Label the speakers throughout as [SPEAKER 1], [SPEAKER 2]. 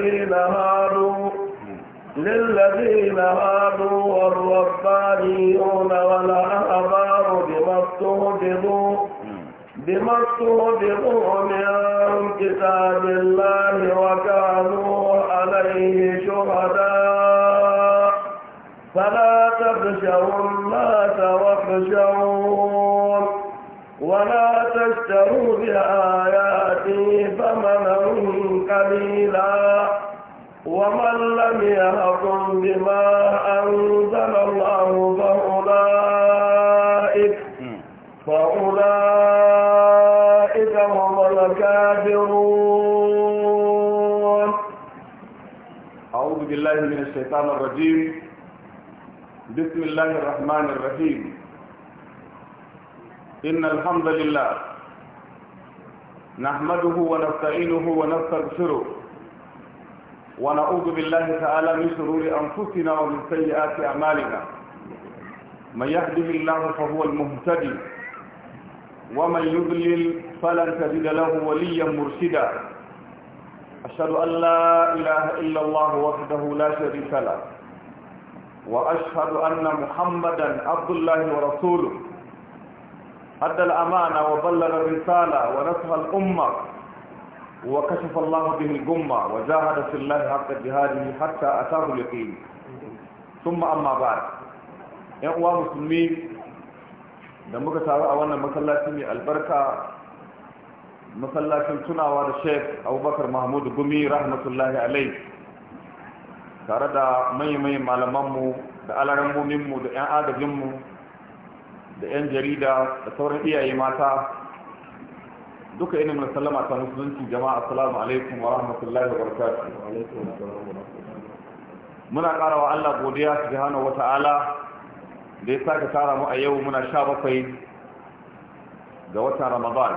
[SPEAKER 1] للذين هادوا للذين هادوا والربانيون والأحبار بما استهدفوا بما استهدفوا من كتاب الله وكانوا عليه شهداء فلا تخشوا الناس واخشون ولا تشتروا بآياتي ثمنا قليلا ومن لم يحكم بما أنزل الله فأولئك فأولئك هم الكافرون
[SPEAKER 2] أعوذ بالله من الشيطان الرجيم بسم الله الرحمن الرحيم إن الحمد لله نحمده ونستعينه ونستغفره ونعوذ بالله تعالى من شرور أنفسنا ومن سيئات أعمالنا من يهده الله فهو المهتدي ومن يضلل فلن تجد له وليا مرشدا أشهد أن لا إله إلا الله وحده لا شريك له وأشهد أن محمدا عبد الله ورسوله أدى الأمانة وبلغ الرسالة ونصح الأمة وكشف الله به الجمة وجاهد في الله حق جهاده حتى أتاه اليقين ثم أما بعد ‘yan uwa musulmi da muka taru a wannan masallaci mai albarka masallacin tunawa da sheik abubakar mahmud gumi rahmatullahi alai tare da manya-manyan malamanmu da alarammominmu da 'yan agajinmu da 'yan jarida da sauran iyaye mata duka ina mun sallama ta musulunci jama'a assalamu alaikum wa rahmatullahi wa barakatuh muna ƙara wa Allah godiya su subhanahu wata'ala da ya sake tara mu a yau muna sha bakwai ga watan Ramadan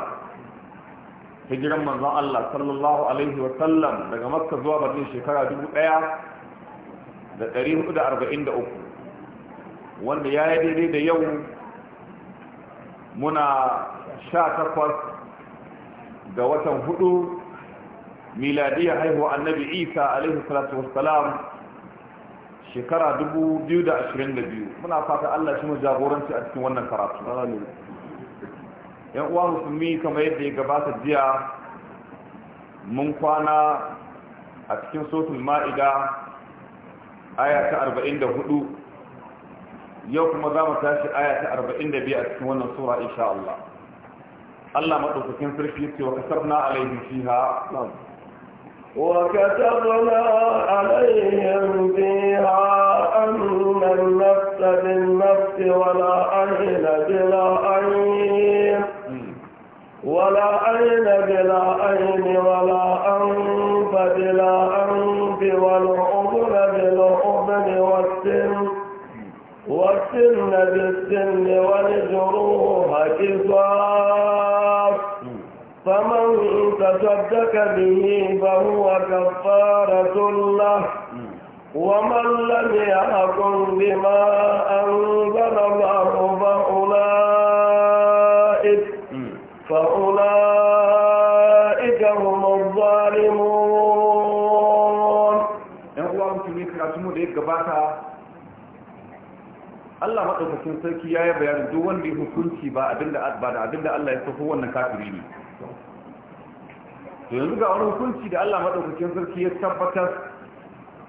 [SPEAKER 2] hijiran manzon Allah sallallahu alaihi wa sallam daga Makka zuwa Madina shekara dubu ɗaya da ɗari hudu da arba'in da uku wanda ya yi daidai da yau muna sha takwas ga watan hudu miladiyar haihuwa annabi isa alaihi salatu wassalam shekara 2022 muna fata allah shi mu jagoranci a cikin wannan karatu yan uwa musulmi kamar yadda ya gabata jiya mun kwana a cikin sotul ma'ida aya ta 44 yau kuma za mu tashi aya ta 45 a cikin wannan sura insha Allah Allah maɗaukakin sarki ce wa kasar na alaihi fiha
[SPEAKER 1] وكتبنا به فهو كفارة له ومن لم يحكم بما أنزل الله فأولئك فأولئك هم
[SPEAKER 2] الظالمون يقول مسلمين كراتمو ديك gabata Allah maɗaukakin sarki ya yi bayanin duk wanda ya hukunci ba abinda abinda Allah ya tafi wannan kafiri ne yanzu ga wani hukunci da Allah madaukakin sarki ya tabbatar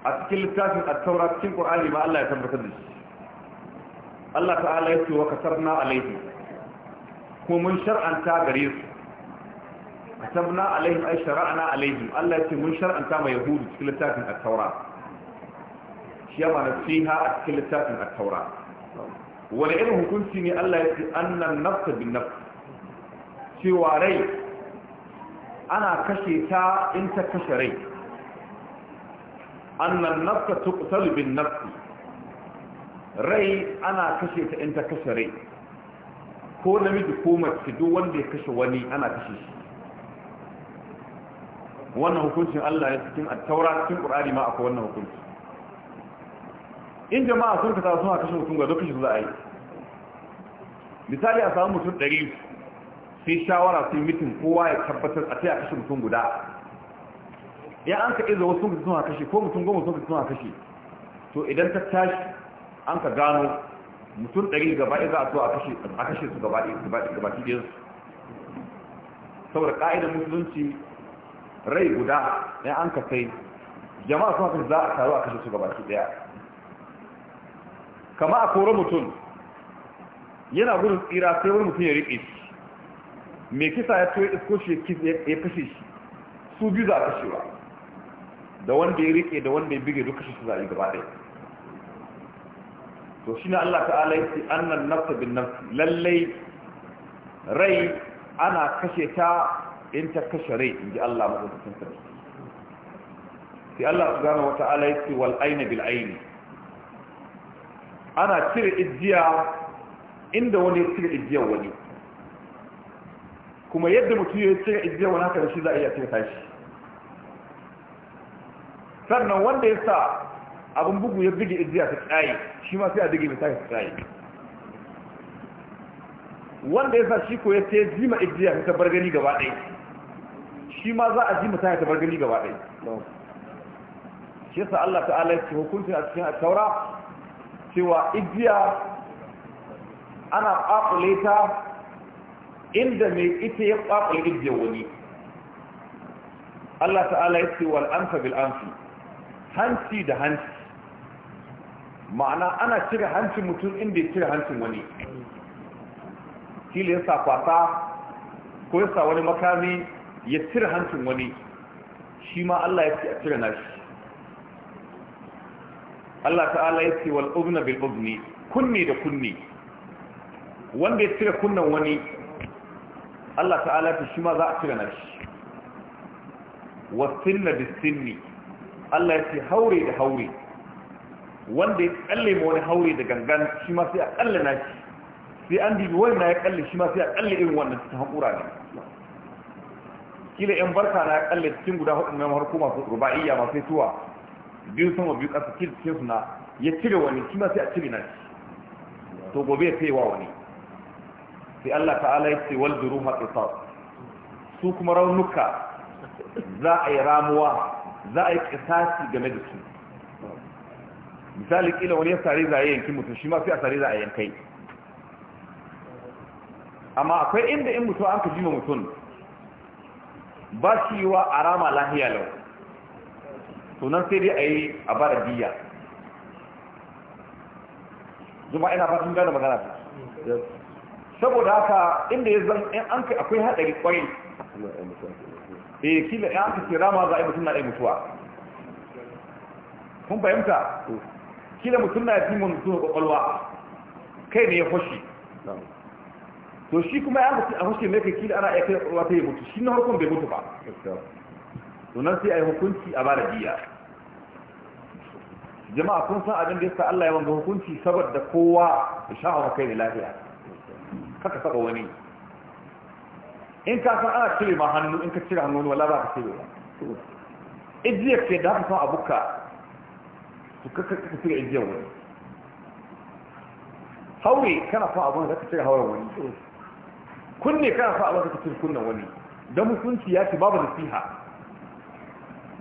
[SPEAKER 2] a cikin littafin a taura cikin qur'ani ba Allah ya tabbatar da shi Allah ta'ala ya ce wa kasarna alaihi kuma mun shar'anta gare su katabna alaihim ay shara'na alaihim Allah ya ce mun shar'anta ma yahudu cikin littafin a taura shi ya mana fiha a cikin littafin a taura wani irin hukunci ne Allah ya ce annan nafsa bin nafs cewa rai ana kashe ta in ta kashe rai annan nafsa tuqtal bin nafsi rai ana kashe ta in ta kashe rai ko namiji ko mace duk wanda ya kashe wani ana kashe shi wannan hukuncin Allah ya cikin at-taura cikin Qur'ani ma akwai wannan hukunci in jama'a sun ka suna kashe mutum ga dukkan shi za a yi misali a samu mutum 100 sai shawara yi mitin kowa ya tabbatar a sai a kashe mutum guda ya an ka izo wasu mutum suna kashe ko mutum goma sun suna kashe to idan ta tashi an ka gano mutum ɗari gaba ɗaya za a so a kashe su gaba ɗaya ɗaya saboda ƙa'idar musulunci rai guda ya an ka sai jama'a suna kashe za a taru a kashe su gaba ɗaya kama a kore mutum yana gudun tsira sai wani mutum ya riƙe shi mai kisa ya toye isko shi ya kashe shi su biyu za a kashewa da wanda ya rike da wanda ya bige duk kashe su za a yi gaba ɗaya to shi ne Allah ta'ala ya annan nafsa bin nafsi lallai rai ana kashe ta in ta kashe rai in ji Allah maɗaukakin sarki sai Allah subhanahu wa ta'ala ya ce wal aina bil aini ana cire ijiya inda wani ya cire ijiyar wani kuma yadda mutum ya ce ijiyar wani haka da shi za a iya ce tashi sannan wanda ya sa abin bugu ya buge ijiya ta tsaye shi ma sai a buge mai ta tsaye wanda ya sa shi ko ya ce jima ijiya ta bargani gani gaba ɗaya shi ma za a ji mu ta bargani gani gaba ɗaya shi yasa Allah ta'ala ya ce hukunci a cikin taura cewa ijiya ana ƙaƙule ta inda mai ita ya kwakwai ijiye wani Allah ta'ala ya ce wal amsa bil amsi hanci da hanci ma'ana ana cire hancin mutum inda ya cire hancin wani kila ya sa kwasa ko ya sa wani makami ya cire hancin wani shi ma Allah ya ce a cire nashi Allah ta'ala ya ce wal uzna bil uzni kunni da kunni wanda ya cire kunnan wani Allah ta'ala ta shi ma za a cire na shi. nashi wasinna bisinni Allah ya ce haure da haure wanda ya kalle ma wani haure da gangan shi ma sai a kalle shi. sai an dibi na ya kalle shi ma sai a kalle irin wannan ta hankura ne kila yan barka na ya kalle cikin guda hudu na harko masu ruba'iyya masu tuwa biyu sama biyu kasa cikin suna ya cire wani shi ma sai a cire na shi. to gobe sai wa wani sai Allah ta'ala ya ce wal duruha qisas su kuma raunuka za a yi ramuwa za a yi qisasi game da su misali ƙila wani ya sare za a yanki mutum shi ma sai a sare za a yankai amma akwai inda in mutum an ka jima mutum ba shi wa a rama lahiya lau sunan sai dai a yi a bara biya zuma ina fatan gane magana ta saboda haka inda ya zan in an kai akwai haɗari kwai eh kila ya an kira ma za a yi mutum na ɗaya mutuwa kun fahimta kila mutum na yafi mun mutum kwakwalwa kai ne ya fashi to shi kuma ya mutu a fashe mai kai kila ana ya kai kwakwalwa ta yi mutu shi na harkon bai mutu ba to nan sai a yi hukunci a bada biya jama'a kun san abin da yasa Allah ya wanga hukunci saboda kowa ya sha'a kai ne lafiya kaka saka wani in ka san ana cire ma hannu in ka cire hannu wani wala ba ka cire ba ijiyar ke da haka san ka su kaka kaka cire ijiyar wani haure kana san abu da ka cire hauren wani kunne kana san abu da ka cire kunnen wani don hukunci ya ce babu nasiha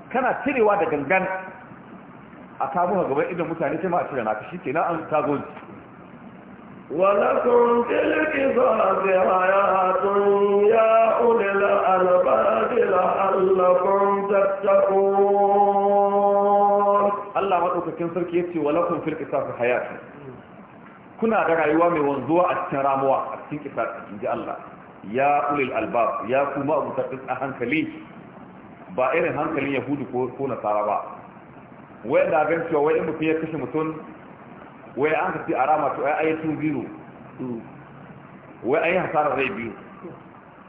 [SPEAKER 2] kana cirewa da gangan a kamuwa gaban idan mutane ce ma a cire na, ka shi ke na an tagonci
[SPEAKER 1] ولكم في القصاص حياة يا أولي الألباب لعلكم تتقون
[SPEAKER 2] الله مدوكاكين سركي يتي ولكم في القصاص حياة kuna da rayuwa mai wanzuwa a cikin ramuwa a cikin kisasi in ji Allah ya ulil ya kuma abu a hankali ba irin hankalin yahudu ko nasara ba wayan da gan cewa wai in mutum ya kashe mutum wai an ka ce a rama to ai ayatun biyu wai ai hasara zai biyu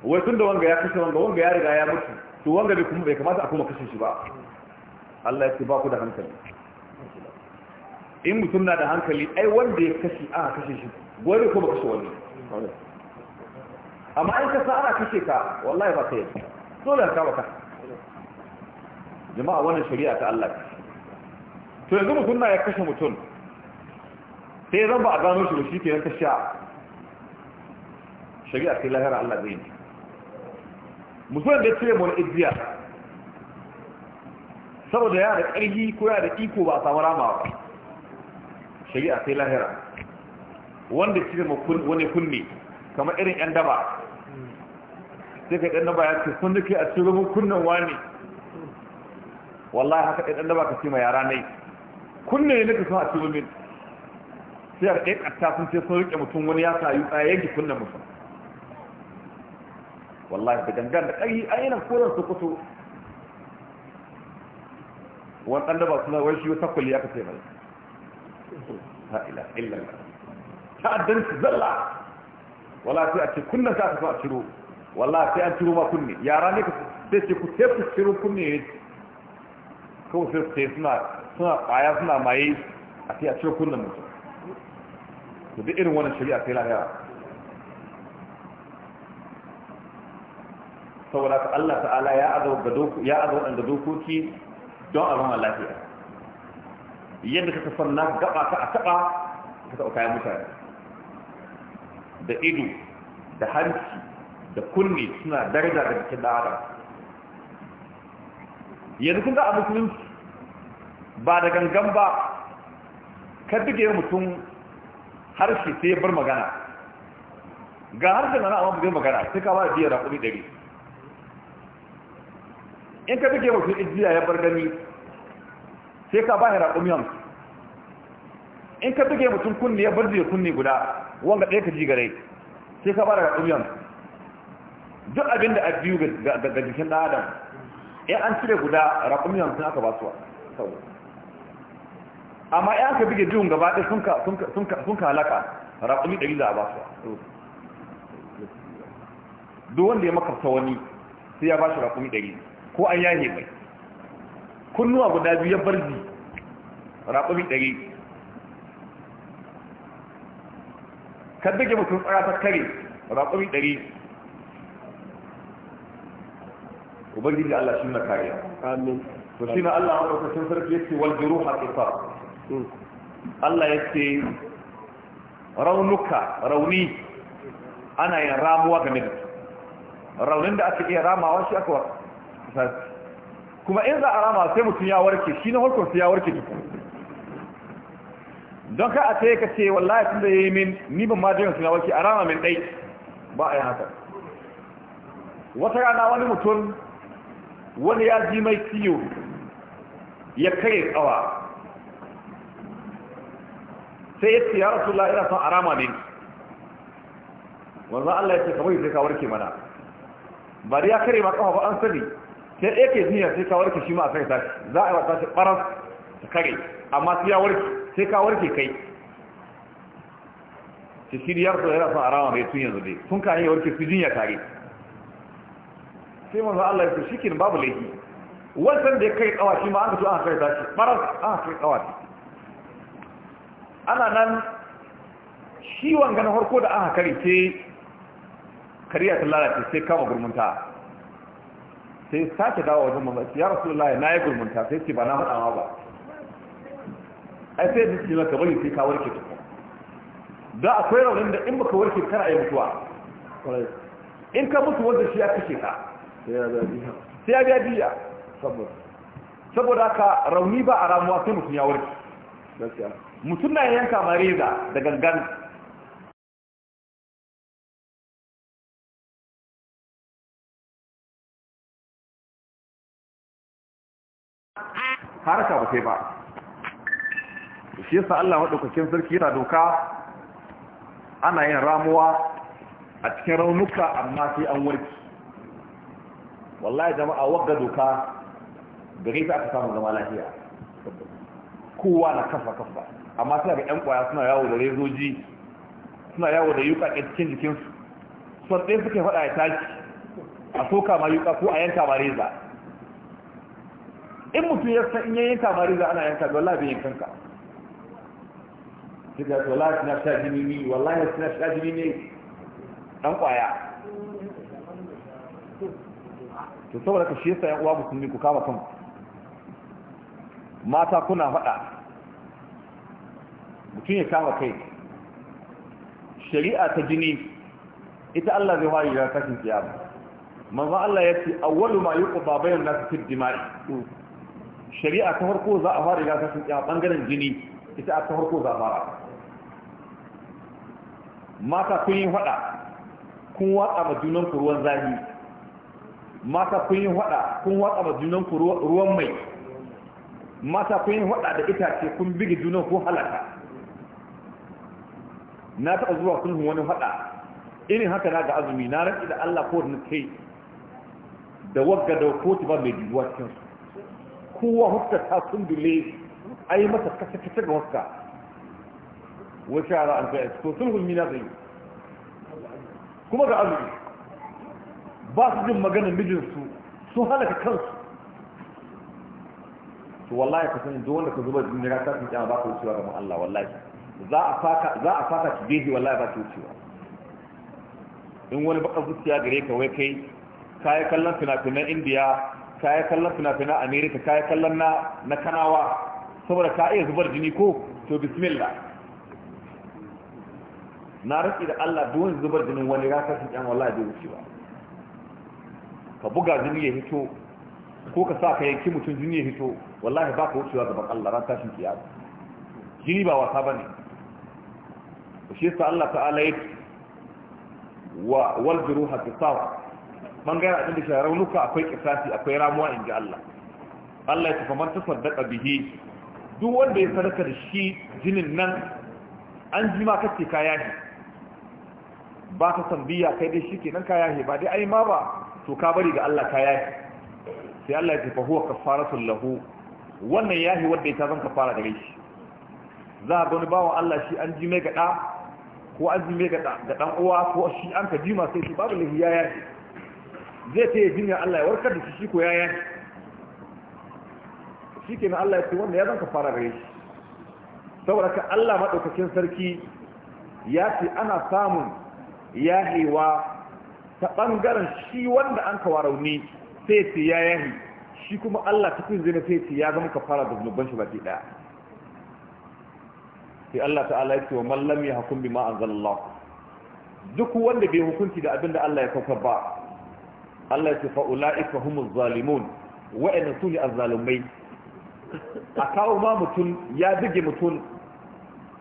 [SPEAKER 2] wai tun da wanga ya kashe wanga wanga ya riga ya mutu to wanga bai kuma bai kamata a kuma kashe shi ba Allah ya ce ba ku da hankali in mutum na da hankali ai wanda ya kashe aka kashe shi gore kuma kashe wani amma in ka sa ana kashe ka wallahi ba kai dole ka ba ka jama'a wannan shari'a ta Allah to yanzu mutum na ya kashe mutum sai zan ba a gano shi ba shi ke ta sha shari'a sai lahira Allah zai ne musulun da ce cire mu na saboda yana da ƙarfi ko yana da iko ba a samu rama ba shari'a sai lahira wanda cire mu wani kunne kamar irin yan daba sai ka ɗan daba ya ce sun duke a cire mun kunnen wani wallahi haka ɗan daba ka ce ma yara nai kunne ne ka son a cire min sai a kai katta sun ce sun rike mutum wani ya sayu a yanki kunnan mutum wallahi da gangan da ƙari a yanar koren su kuto wani ɗan da ba suna wani shi wata kulli aka ce mai ha'ila illalla ta'addanci zalla wala sai a ce kunna za ka so a ciro wala sai an ciro ma kunne yara ne sai ce ku sai ku ciro kunne ne kawai sai suna suna suna maye a sai a ciro kunnen mutum to duk irin wannan shari'a sai lahira saboda ka Allah ta'ala ya doku ya azaba da dokoki don a zama lafiya yadda ka tafar na gaba ka a taba ka taba ya mutane da ido da hanci da kunne suna daraja da cikin da yanzu kun ga a musulunci ba da gangan ba ka buge mutum harshe sai ya bar magana ga harshen na amma bai magana sai ka ba biyar da kuɗi ɗari in ka take mutum ijiya ya bar gani sai ka ba ya raƙumi in ka take mutum kunne ya bar jiya kunne guda wanga ɗaya ka ji gare sai ka ba da raƙumi duk abin da a biyu ga jikin ɗan adam in an cire guda raƙumi hamsin aka ba suwa saboda amma ya ka bige biyun gaba ɗaya sun ka halaka raƙumi ɗari za a ba su duk wanda ya makarta wani sai ya ba shi raƙumi ɗari ko an yahe mai kunnuwa guda biyu ya barzi raƙumi ɗari ka bige mutum tsara ta kare raƙumi ɗari ubangiji Allah shi na kariya amin to shi na Allah wanda kusan sarki yace wal juruha qisas Allah ya ce raunuka rauni ana yin ramuwa game da su raunin da aka iya ramawa shi aka warke kuma in za a rama sai mutum ya warke shi na harkar su ya warke duk don ka a ta ka ce wallahi tun da ya yi min ni ban ma jiran su na warke a rama min ɗai ba a yi haka wata rana wani mutum wani ya ji mai ciyo ya kare tsawa sai ya ce ya rasulullah ina son arama ne wanzu Allah ya ce kamar sai ka warke mana ba da ya kare ma kafa ba an sani sai ɗaya ke zuniya sai ka warke shi ma a sai tashi za a yi wata shi ɓaran ta kare amma sai ya warke sai ka warke kai ta shi ya rasu la'ira son arama ne tun yanzu ne. tun ka yi warke su jinya kare sai wanzu Allah ya ce shi babu laifi wancan da ya kai kawa ma an ka so an kai tashi ɓaras an kai kawa ana nan shi wanga na harko da aka kare sai kariya ta lalace sai kama gurmunta sai sake dawo wajen mamaki ya rasu lalace na yi gurmunta sai ce ba na haɗawa ba ai sai da cikin ka bari sai ka warke ta da akwai raunin da in baka warke kana yi mutuwa in ka mutu wanda shi ya kashe ka sai ya biya diya saboda ka rauni ba a ramuwa sai mutum ya warke mutum na yanka mariza da gangan haraka ba sai ba shi yasa Allah maɗaukakin sarki yana doka ana yin ramuwa a cikin raunuka amma sai an warki wallahi jama'a wagga doka gare ta aka samu zama lafiya kowa na kafa kafa amma suna da ƴan ƙwaya suna yawo da rezoji suna yawo da yuka a cikin jikinsu su ɗaya suke faɗa ya tashi a soka ma yuka ko a yanka ma reza in mutum ya san in ya yanka ma reza ana yanka ga wallahi bai yankan ka suka ga wallahi suna sha jini ne wallahi suna sha jini ne ɗan ƙwaya to saboda ka shi yasa ƴan uwa musulmi ku kama kanku mata kuna faɗa mutum ya kama kai shari'a ta jini ita Allah zai waye ya kashin kiyama manzo Allah ya ce awwalu ma yuqda bayan nas fi dima'i shari'a ta farko za a fara ya kashin kiyama bangaren jini ita ta farko za a fara mata kun yi fada kun watsa ma junan ku ruwan zahi mata kun yi fada kun watsa ma junan ku ruwan mai mata kun yi fada da itace kun bige junan ku halaka na taɓa zuwa sulhun wani faɗa irin haka na ga azumi na rantsi da Allah ko na kai da wagga da koti ba mai biyuwa cikin su kowa huska ta a ai mata kasa kasa ga huska wasu yara an kai to sulhun mina zai kuma ga azumi ba su jin mijin su sun halaka kansu to wallahi ka sani duk wanda ka zuba jini ga ta tsinci ba ka cewa gaban Allah wallahi za a faka za a faka tasbihi wallahi ba ta wucewa in wani baka zuciya gare ka wai kai kayi kallon fina-finan indiya kayi kallon fina-finan america kai kallon na kanawa saboda ka iya zubar jini ko to bismillah na rufi da Allah duwan zubar jinin wani ya kasu yan wallahi bai wucewa ka buga jini ya hito ko ka sa ka yanki mutum jini ya hito wallahi ba ka wucewa gaban Allah ran tashin kiyama jini ba wasa ba ne. shi sa Allah ta'ala ya wa wal juruha man bangaren abin da shi raunuka akwai kisasi akwai ramuwa inji Allah Allah ya kamar ta saddaka bihi duk wanda ya sadaka da shi jinin nan an ji ma kace ka yahi? ba ka san kai dai shi kenan ka yahi ba dai ai ma ba to ka bari ga Allah ka yahi? sai Allah ya ce fa huwa kafaratul lahu wannan yahi wanda ya ta zan kafara gare shi za ga wani bawan Allah shi an ji mai gada ko azumi ga dan uwa ko shi an ka jima sai shi babu lafi ya zai ta yi jinya Allah ya warkar da shi shi ko ya shi ke na Allah ya ce wanda ya zan ka fara gare shi saboda ka Allah maɗaukakin sarki ya ce ana samun yahewa ta ɓangaren shi wanda an kawo rauni sai ce ya yahi shi kuma Allah cikin zina sai ce ya zama ka fara da zunuban shi baki ɗaya sai Allah ta'ala ya ce wa man lam yahkum bima anzalallah duk wanda bai hukunci da abinda Allah ya saukar ba Allah ya ce fa ulaika humuz zalimun wa'anna suni azzalumai a kawo ma mutum ya bige mutum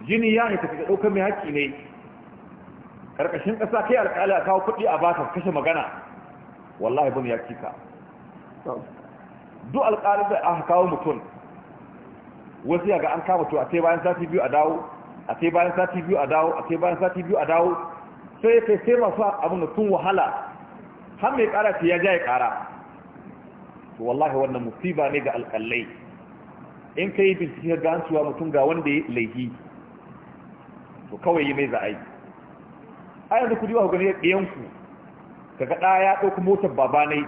[SPEAKER 2] jini ya ne tafi ɗaukar mai haƙƙi ne ƙarƙashin ƙasa kai alƙali a kawo kuɗi a baka kashe magana wallahi bin ya cika duk alƙalin da aka kawo mutum wasu yaga an kama to a sai bayan sati biyu a dawo a sai bayan sati biyu a dawo a sai bayan sati biyu a dawo sai kai sai masu abin da sun wahala har mai kara ce ya jaye ya kara to wallahi wannan musiba ne ga alƙalai in ka yi bincike ga cewa mutum ga wanda ya laifi to kawai yi mai yi. a yanzu ku wa gani ku kaga ɗaya ya ɗauki motar babanai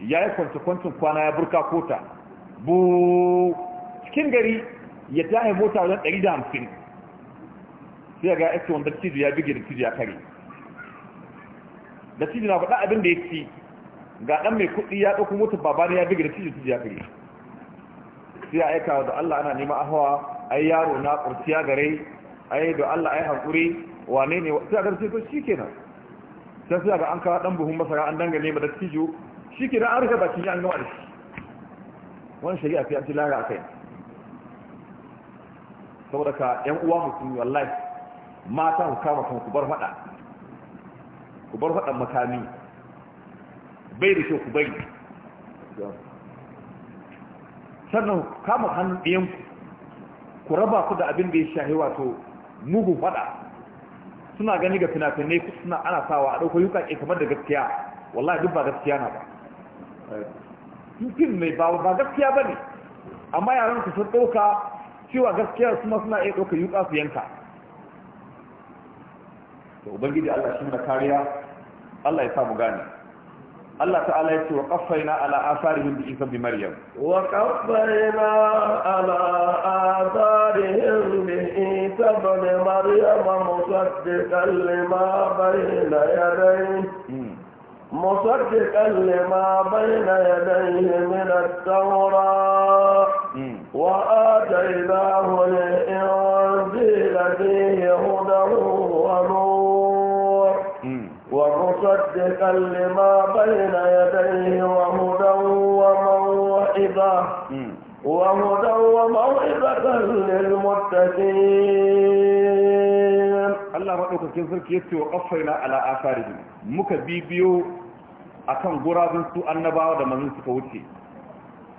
[SPEAKER 2] ya yi kwancin kwana ya burka kota bu cikin gari ya tahi mota wajen 150 sai ga yake wanda cizo ya bige da cizo ya kare da cizo na faɗa abin da ya ci ga ɗan mai kuɗi ya ɗauko motar babana ya bige da cizo cizo ya kare sai ya aika da Allah ana neman ahawa ai yaro na kurciya gare ai da Allah ai hankuri wane ne sai a garce to shikenan sai sai ga an kawo dan buhun masara an dangane ma da tijo shikenan an rika baki an gama da shi wannan shari'a sai an tilara akai saboda ka yan uwa musulmi wallahi mata ku kama ku bar fada ku bar fadan makami bai da kyau ku bai. sannan kama hannun ɗayan ku raba ku da abin da ya shahi wato mugun fada suna gani ga fina-finai suna ana sawa a ɗauko yuka kamar da gaskiya wallahi duk ba gaskiya na ba fim mai ba gaskiya ba ne amma yaran ku sun ɗauka cewa gaskiya su ma suna iya ɗaukar yi su yanka da ubangiji Allah shi na kariya Allah ya sa mu gane Allah ta'ala ya ce wa qaffayna ala atharihim bi isa bi maryam wa
[SPEAKER 1] qaffayna ala atharihim bi isa bi maryam musaddiqan lima bayna yadayhi مصدقا لما بين يديه من التوراة وآتيناه للإنزيل فيه هدى ونور ومصدقا لما بين يديه وهدى وموعظة
[SPEAKER 2] وهدى وموعظة للمتقين الله مدوكاكين كيف يتي وقفينا على آثارهم مكبيبيو bibiyo akan gurabin su كوتي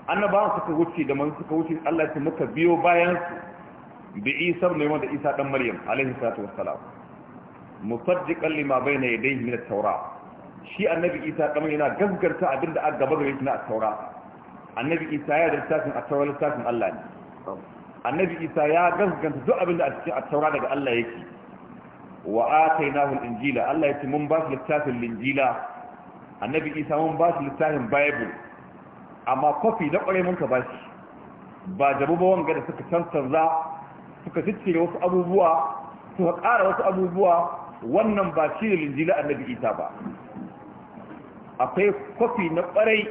[SPEAKER 2] annabawan suka wuce da man suka wuce Allah ya muka biyo bayan su bi Isa ne wanda Isa dan Maryam alaihi salatu wassalam musaddiqan lima bayna yadayhi min at-taura shi annabi Isa dan yana gasgarta abinda aka gaba da shi na at-taura annabi Isa ya darta cikin at-taura littafin Allah ne annabi Isa ya gasganta duk abinda a cikin at-taura daga Allah yake wa atainahu al-injila Allah ya ce mun ba shi littafin linjila annabi Isa mun ba shi littafin bible amma kofi na ƙwarai mun ka ba shi ba jabu ba wanga da suka cancanza suka ciccire wasu abubuwa suka ƙara wasu abubuwa wannan ba shi da linjila annabi isa ba akwai kofi na ƙwarai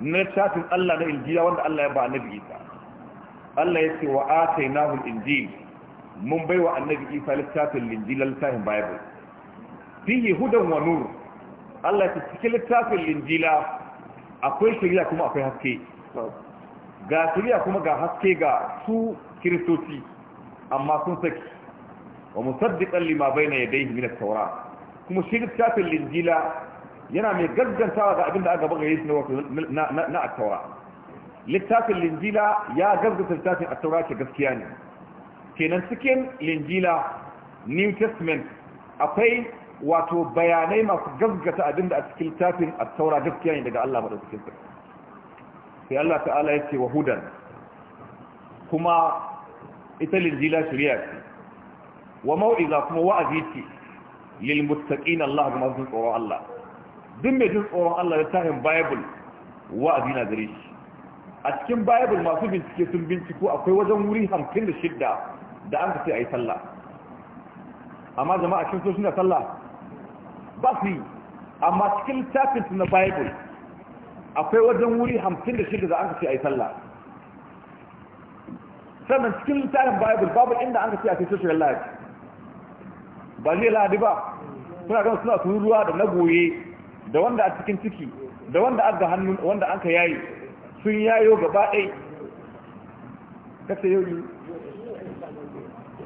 [SPEAKER 2] na shafin allah na injila wanda allah ya ba annabi isa allah ya ce wa atai nahul injil mun bai wa annabi isa littafin linjila littafin bible yi hudan wa nur allah ya ce cikin littafin linjila akwai shari'a kuma akwai haske ga shari'a kuma ga haske ga su kiristoci amma sun saki wa musaddiqan lima bayna yadayhi min at-taurat kuma shi littafin linjila yana mai gaggantawa ga abin da aka buga yayin na na at littafin linjila ya gaggata littafin at ke gaskiya ne kenan cikin linjila new testament akwai wato bayanai masu gaggata abin da a cikin littafin a taura gaskiya ne daga Allah maɗaukakin sarki sai Allah ta'ala ya ce wa hudan kuma ita linjila shirya ce wa mau'iza kuma wa'azi ce lil muttaqin Allah kuma sun tsoron Allah duk mai jin tsoron Allah da tahin bible wa'azi na gare shi a cikin bible masu bincike sun binciko akwai wajen wuri 56 da an ka ce ayi sallah amma jama'a kin so suna sallah ba amma cikin littafin na bible akwai wajen wuri hamsin da shida da an ce a yi sallah sannan cikin tafin bible babu inda an ce a ce social life ba zai lahadi ba suna gan suna tururuwa da na goye da wanda a cikin ciki da wanda a ga hannun wanda an ka yayi sun yayo gaba ɗai kasa yau ne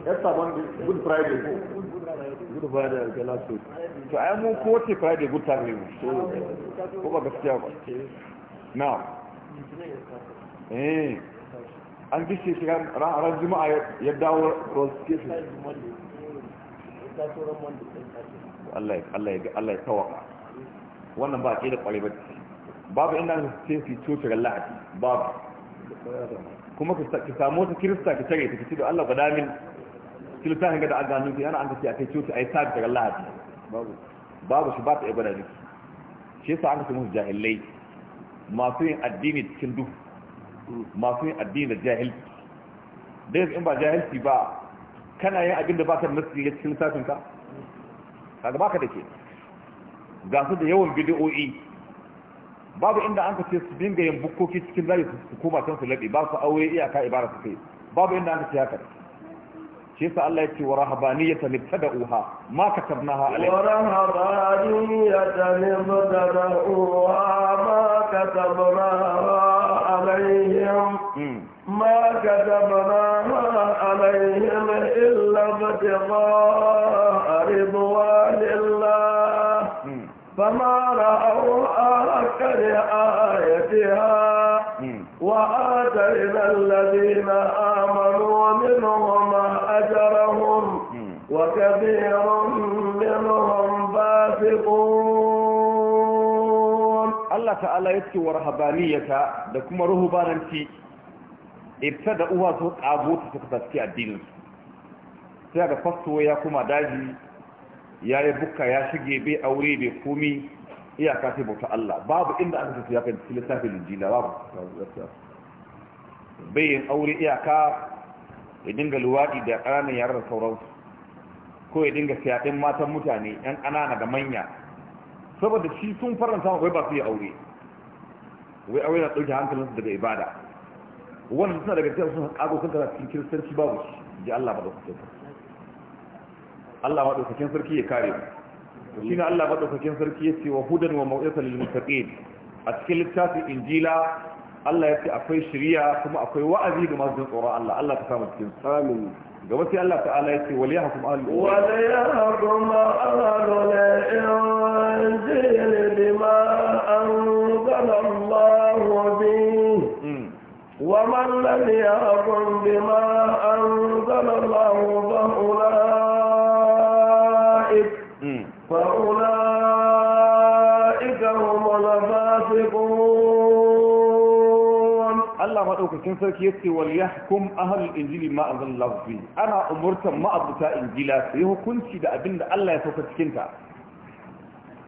[SPEAKER 2] yasta wanda good friday ko good friday da last week friday good time so ko ba gaskiya ba eh an gishe shi um, ran ran juma'a ya dawo cross case Allah ya Allah Allah tawaka wannan ba ke da kware ba babu inda sai su cuce ga babu kuma ki samu ta kirista ka tare ta kici da Allah damin. kilo ta hanga da an gano ana an kace akai coci ai sabi daga lahadi babu babu shi ba ta ibada ne shi yasa an kace musu jahilai masu yin addini cikin duhu masu yin addini da jahilci dai in ba jahilci ba kana yin abin da baka da ya cikin lissafin ka kaga baka da ke ga su da yawan bidiyo'i babu inda an kace su dinga yin bukkoki cikin zai su koma can su laɓe ba su aure iyaka ibara su kai babu inda an kace haka shi yasa Allah yake wa rahabaniyatan ibtada'uha ma katabnaha alayhi wa
[SPEAKER 1] rahabaniyatan ibtada'uha ma katabnaha alayhim ma katabnaha alayhim illa ibtigha'a ridwanillah فما رأوا أكد آيتها وآتينا الذين آمنوا منهم أجرهم وكثير منهم
[SPEAKER 2] فاسقون الله تعالى يتكي ورهبانية لكم رهبانا في ابتدأوها سوء عبوت سكتت في الدين سيادة فصوية كما داجي ya yi bukka ya shige bai aure bai komi iyaka sai bauta Allah babu inda aka tafi ya kai cikin littafin injila babu bai yin aure iyaka ya dinga luwaɗi da ƙananan yaran sauransu ko ya dinga siyaɗin matan mutane yan ƙanana da manya saboda shi sun faranta wai ba su yi aure wai aure na ɗauke hankalinsu daga ibada wannan suna daga cikin sun haƙago sun kara cikin kiristanci babu shi ji Allah ba da kusurta Allah madaukakin sarki ya kare mu to ne Allah madaukakin sarki ya ce wa hudan wa mau'izatan lil muttaqin a cikin littafin injila Allah ya ce akwai shari'a kuma akwai wa'azi ga masu tsoron Allah Allah ta kama cikin amin gaba sai Allah ta'ala yace wal yahkum ahlul wa la
[SPEAKER 1] yahkum ahlul injil bima anzala Allah bihi ومن لم يحكم بما أنزل الله فأولئك فأولئك هم
[SPEAKER 2] الفاسقون الله مدوكاكين sarki yace wal yahkum ahlul injili ma anzalallahu fi ana umurtan ma'abuta injila su yi hukunci da abinda Allah ya sauka cikin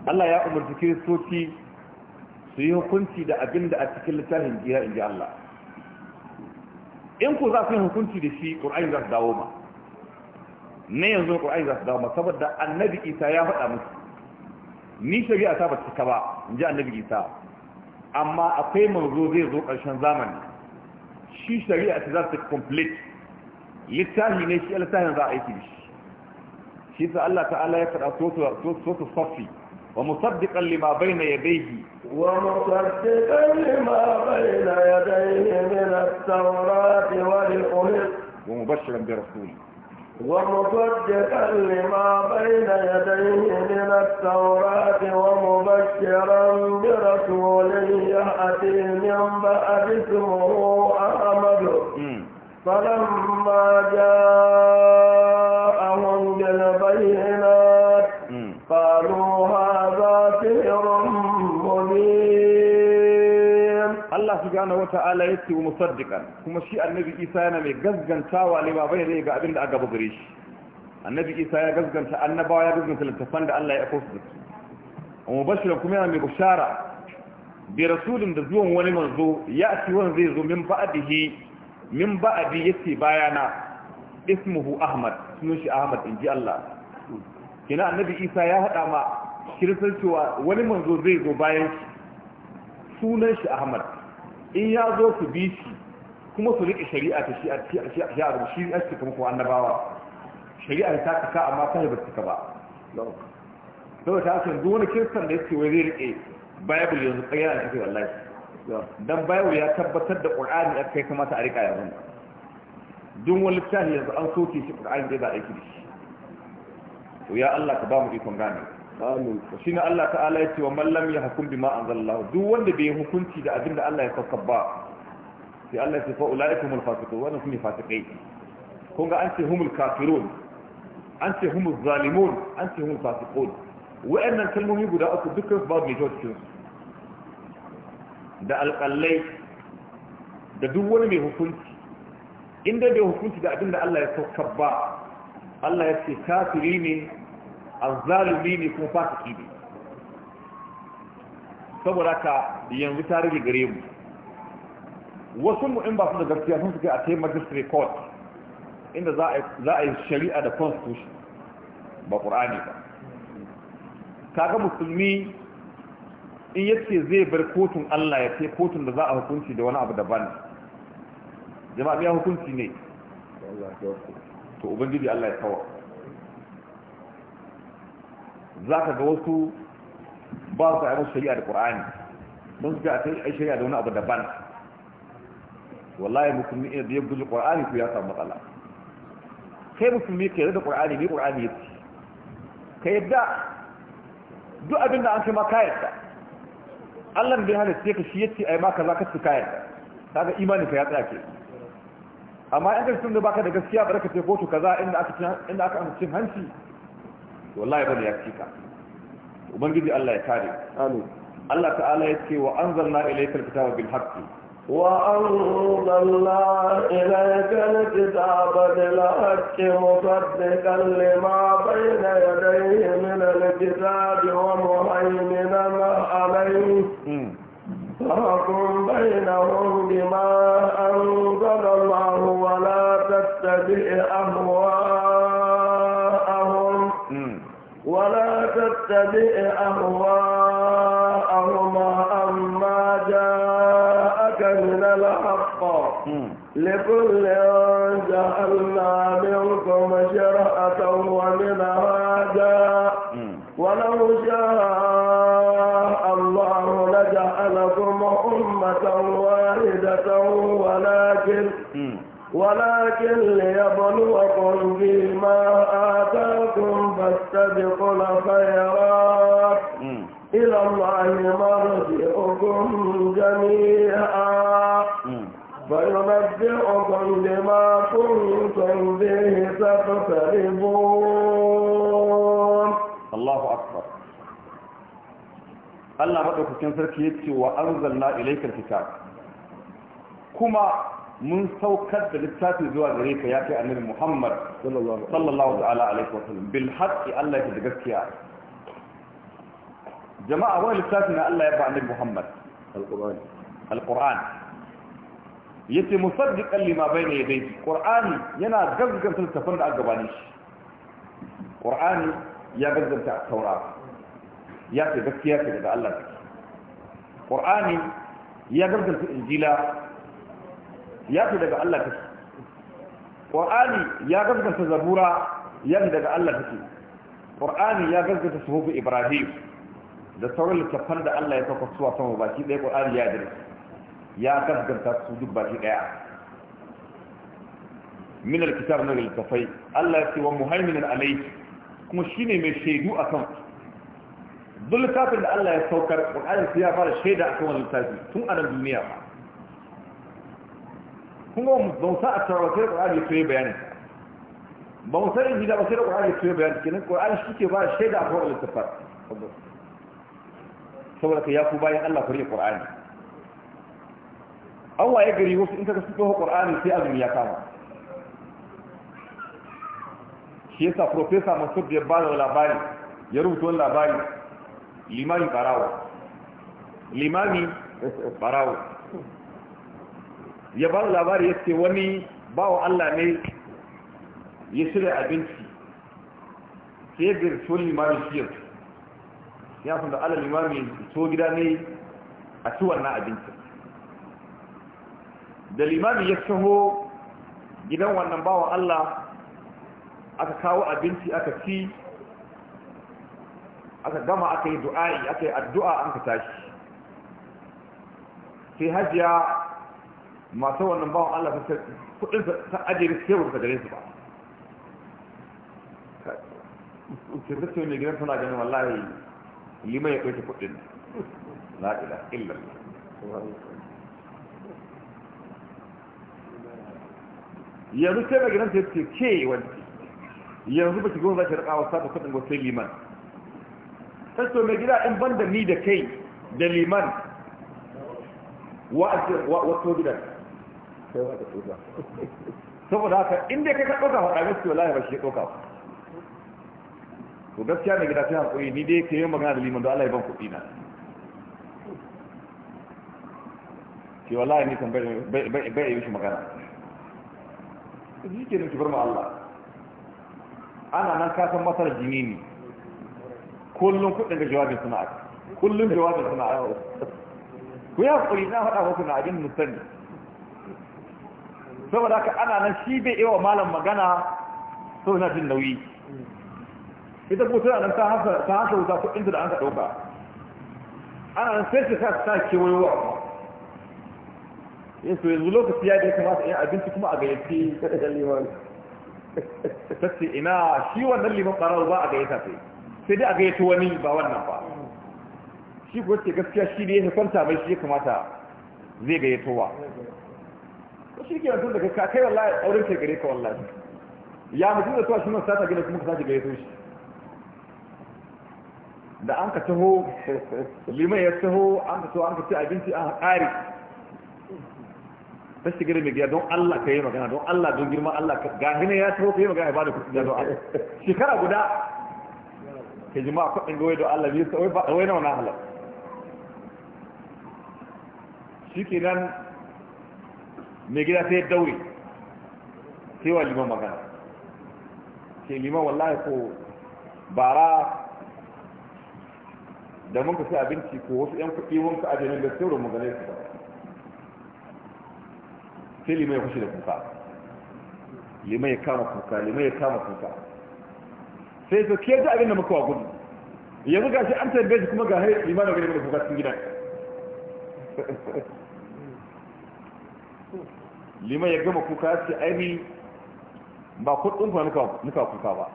[SPEAKER 2] Allah ya umarci kiristoci su yi hukunci da abinda a cikin littafin injila inji Allah in ko za su yi hukunci da shi Qur'ani za su dawo ma ne yanzu Qur'ani za su dawo saboda annabi isa ya faɗa musu ni shari'a ta ba cika ba inji annabi isa amma akwai manzo zai zo ƙarshen zamani shi shari'a ta za su complete littafi ne shi littafin za a aiki da shi shi sa Allah ta'ala ya faɗa sotu safi wa musaddiqan lima bayna yadayhi
[SPEAKER 1] wa musaddiqan lima bayna yadayhi min at من wal qur'an
[SPEAKER 2] ومبشرا برسوله
[SPEAKER 1] ومصدقا لما بين يديه من التوراة ومبشرا برسول يأتي من بعد اسمه أحمد فلما جاء
[SPEAKER 2] wa ya ce wa musaddiqan kuma shi annabi isa yana mai gaskantawa ne ba bai ne ga abin da aka gabare shi annabi isa ya gaskanta annabawa ya gaskanta littafan da Allah ya aiko su amma bashiran kuma yana mai bushara bi rasulin da zuwan wani manzo ya ci wani zai zo min ba'dihi min ba'di yace bayana ismuhu ahmad sunan shi ahmad inji Allah kina annabi isa ya haɗa ma kirsan cewa wani manzo zai zo bayan sunan shi ahmad in ya zo su bi shi kuma su riƙe shari'a ta shi a shi'ar shi a cikin kuma annabawa shari'a ta kaka amma ta ba ta ba saboda ta ce duk wani kiristan da yake wai zai riƙe bible yanzu ƙarya a cikin wallahi dan bible ya tabbatar da qur'ani a kai kamata a riƙa yanzu duk wani littafi yanzu an soke shi qur'ani zai ba aiki da shi to ya Allah ka ba mu ikon gane amin shine Allah ta'ala yace wa man lam yahkum bima anzalallahu duk wanda bai hukunci da abinda Allah ya saukar ba sai Allah ya fa ulaikumul fasiqun wa hum fasiqai kun ga an ce humul kafirun an ce humul zalimun an ce humul fasiqun wa'annan kalmomi guda uku dukkan ba babu mijo cikin da alƙallai da duk wani mai hukunci inda bai hukunci da abinda Allah ya saukar ba Allah ya ce kafiri ne Azalumi ne kuma fasiki ne saboda ka yanzu tarihi gare mu wasu mu in ba su da gaskiya sun suke a kai magistrate court inda za a yi shari'a da constitution ba ƙur'ani ba kaga musulmi in yace zai bar kotun Allah ya kai kotun da za a hukunci da wani abu daban jama'a ya hukunci ne to ubangiji Allah ya kawo za ka ga wasu ba su aibin shari'a da ƙur'ani don su ga a kai shari'a da wani abu daban wallahi musulmi da ya guji ƙur'ani ku ya samu matsala kai musulmi ka yarda da ƙur'ani ne ƙur'ani ya ce ka yadda duk abin da an kai ma ka yadda Allah bai hana sai ka shi yace ai ma kaza ka ci ka yadda kaga imanin ka ya tsaya ke amma in ka sun da baka da gaskiya barka ce kotu kaza inda aka inda aka hanci wallahi bane ya cika ubangiji Allah ya kare amin Allah ta'ala yake wa anzalna ilayka alkitaba bil haqq
[SPEAKER 1] wa anzalna ilayka alkitaba bil haqq mubaddikan lima ya yadayhi min alkitab wa muhaiminan alayhi فَحَكُمْ بَيْنَهُمْ بِمَا أَنْزَلَ اللَّهُ وَلَا تَتَّبِعْ أَهْوَاءَهُمْ تتبع أهواءهما أما جاءك من الحق لكل جعلنا منكم شرعة ومنهاجا ولو شاء الله لجعلكم أمة واحدة ولكن ولكن ليبلوكم فيما واستبقوا الخيرات إلى الله مرجعكم جميعا فينبئكم بما كنتم به تقتربون
[SPEAKER 2] الله أكبر Allah maɗaukakin sarki ya ce wa an zanna ilaikar kitab kuma mun saukar da littafi zuwa gare ka ya kai annabi Muhammad sallallahu alaihi wa sallam bil haqqi Allah ya da gaskiya jama'a wani littafi na Allah ya ba annabi Muhammad alqur'ani alqur'an yace musaddiqan lima bayna yadayhi qur'ani yana gaskata littafin da aka gabani shi qur'ani ya gaskata taura ya ce gaskiya ce daga Allah take qur'ani ya gaskata injila ya fi daga Allah take Qur'ani ya gaskata zabura ya fi daga Allah take Qur'ani ya gaskata suhufu Ibrahim da sauran littattafan da Allah ya saka su a sama baki ɗaya Qur'ani ya dare ya gaskata su duk baki ɗaya min alkitab na littafai Allah ya ce wa muhaiminin alayhi kuma shine mai shaidu a kan duk littafin da Allah ya saukar Qur'ani sai ya fara shaida a wannan littafi tun a duniya kuma ba mu san a tarwatar da ƙwararri ya toye bayanin ba mu san injina ba sai da ƙwararri ya toye bayanin kenan ƙwararri shi ke ba shaida a kawai littafar saboda ka ya ku bayan Allah kuri ƙwararri an waye gari wasu in ka kasu hau ƙwararri sai azumi ya kama shi yasa profesa masud ya ba da labari ya rubuta wani labari limami barawo limami barawo ya ba labari ya ce wani bawa Allah ne ya shirya abinci sai sun limamin shiyar ya sun da ala limamin so gida ne a ci wannan abincin da limamin ya shaho gidan wannan bawa Allah aka kawo abinci aka ci aka gama aka yi du'a'i aka yi addu'a an ka tashi sai hajiya masu wannan bawon Allah ta kudin ta ajiye da kewar ta gare su ba kirkir ce mai gidan suna ganin wallahi liman ya kwaita kudin na ila illa yanzu sai mai gidan ta ce ke wani yanzu ba ki gona za ki rikawa sata kudin wasu liman sasso mai gida in ban da ni da kai da liman wa a wato gidan sai ba tsoka saboda haka inda ka karɓa ka faɗa gaskiya wala ya bashi ya tsoka to gaskiya ne gida sai hankali ni dai ke yin magana da liman don Allah ya ban kuɗi na ke wallahi ni kan bai yi shi magana shi ke nufi bar ma Allah ana nan kasan masar jini ne kullum kuɗin ga jawabin suna aka kullum jawabin suna aka ku yi haƙuri na faɗa muku na abin musani saboda haka ana nan shi bai yi wa malam magana so na jin nauyi ita ko tana nan ta hasa ta wuta kuɗin da an ka ɗauka ana nan sai ta wa kewayowa yanzu eh, yanzu lokaci ya da ya kamata yin abinci kuma a gayyace kaɗaɗen liman ta ce ina shi wannan liman ɓarar ba a gayyata sai sai dai a gayyata wani ba wannan ba shi kuwa ce gaskiya shi ne ya kwanta mai shi ya kamata zai gayyatowa shi na tunda daga kai wallahi auren ke gare ka wallahi ya mutum da tuwa shi sata gina kuma ka sace gare shi da an ka taho liman ya taho an ka taho an ka ci abinci an haƙari ta shi da mai gida don Allah ka yi magana don Allah don girma Allah ka gahina ya taho ka yi magana ba da kuɗi da don Allah shekara guda ka ji ma kwaɗin gawai don Allah biyu sa wai na wani halar shi ke nan mai gida sai daure sai wa liman magana ke liman wallahi ko bara da mun ka sai abinci ko wasu yan kuɗi mun ka ajiye da sauran magana su ba sai liman ya kushe da kuka liman ya kama kuka liman ya kama kuka sai su ke ta abin da muka wa gudu yanzu gashi an tambaye shi kuma ga har liman da gani da kuka cikin gidan liman ya gama kuka ce aini ba kudin fa nuka kuka ba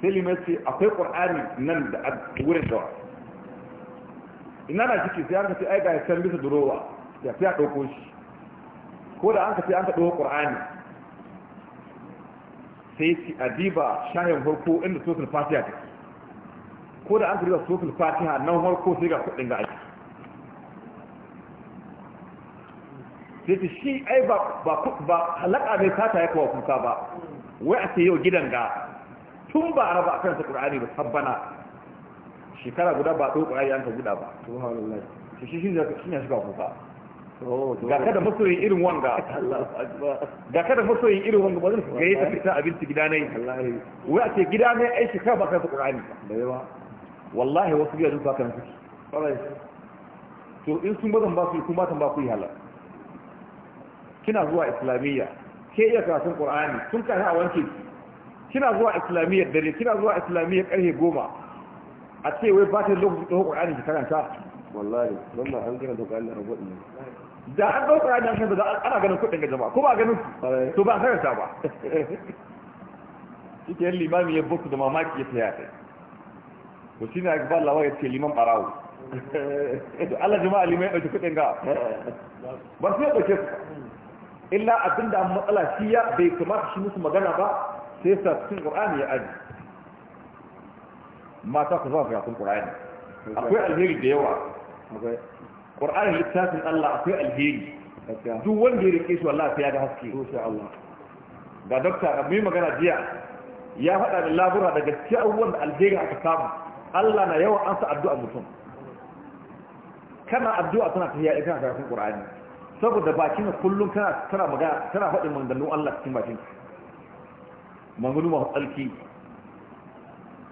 [SPEAKER 2] sai liman ce akwai ƙwar'ani nan da wurin dawa ina na jiki sai an ka ce ai ga yasan bisa durowa ya fi a ɗauko shi ko da an ka ce an ka ɗauko ƙwar'ani sai ci adiba shahin harko inda sosul fatiha ta ko da an ka riba sosul fatiha nan harko sai ga kudin ga sai ta shi ai ba halaka mai fata ya kawo kuka ba wai a ce yau gidan ga tun ba a raba a kansa ƙur'ani ba sabbana shekara guda ba ɗau ƙur'ani an ka guda ba shi shi shi ne shiga kuka oh, ga kada masoyin irin wanga ga kada masoyin irin wanga ba zan ga yi tafiya abinci gida ne wai a ce gida ne ai shekara ba kansa ƙur'ani ba wallahi wasu biya duk ba su to in sun bazan ba su yi kuma tan ba ku yi halar kina zuwa islamiyya ke iya karatun qur'ani tun kai a wanke kina zuwa islamiyya dare kina zuwa islamiyya karfe goma a ce wai ba ta lokacin da qur'ani ki karanta wallahi don ma an gina da rabu ne da an da ana ganin kudin jama'a ko ba ganin to ba karanta ba kike limami ya boku da mamaki ya kai ko shi ne akbar lawa ya ce barawo Allah jama'a limai ya dauki kudin ga ba sai ya dauke illa abinda an matsala shi ya bai kamata shi musu magana ba sai sa cikin qur'ani ya aji mata ku zama karatun qur'ani akwai alheri da yawa qur'ani littafin Allah akwai alheri duk wanda ya rike shi wallahi sai ya ga haske insha Allah ga dokta a mai magana jiya ya faɗa da labura da gaskiya abubuwan da alheri aka samu Allah na yawan ansa addu'a mutum kana addu'a tana tafiya ita karatun qur'ani saboda bakin kullum kana kana magana kana faɗi manganun Allah cikin bakin manganu masu tsarki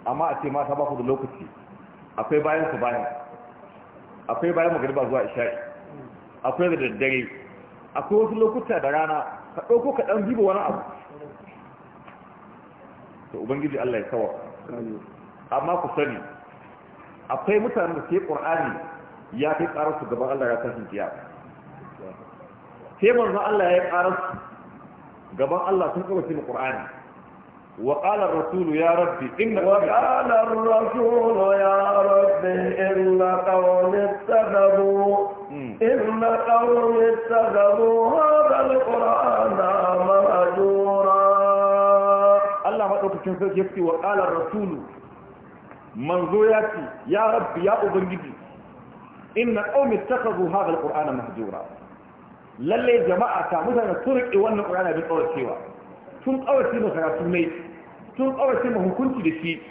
[SPEAKER 2] amma a ce mata ba ku da lokaci akwai bayan ku bayan akwai bayan magariba zuwa isha'i akwai da daddare akwai wasu lokuta da rana ka ɗauko ka ɗan biba wani abu to ubangiji Allah ya kawo amma ku sani akwai mutanen da ke ƙur'ani ya kai ƙarar gaban Allah ya kasance sun sai manzo Allah ya ƙara gaban Allah sun kawo cikin Qur'ani wa qala ar-rasul ya rabbi inna wa qala
[SPEAKER 1] ar-rasul ya rabbi inna hmm. inna hadha al-qur'ana mahjura
[SPEAKER 2] Allah madaukakin sarki yake wa qala ar-rasul manzo ya ce ya rabbi ya ubangiji inna qawmi ittakazu hadha al-qur'ana mahjura lalle jama'a ta mutane su riƙe wannan ƙur'ani bin ƙauracewa sun ƙaurace ma karatu mai sun ƙaurace ma hukunci da shi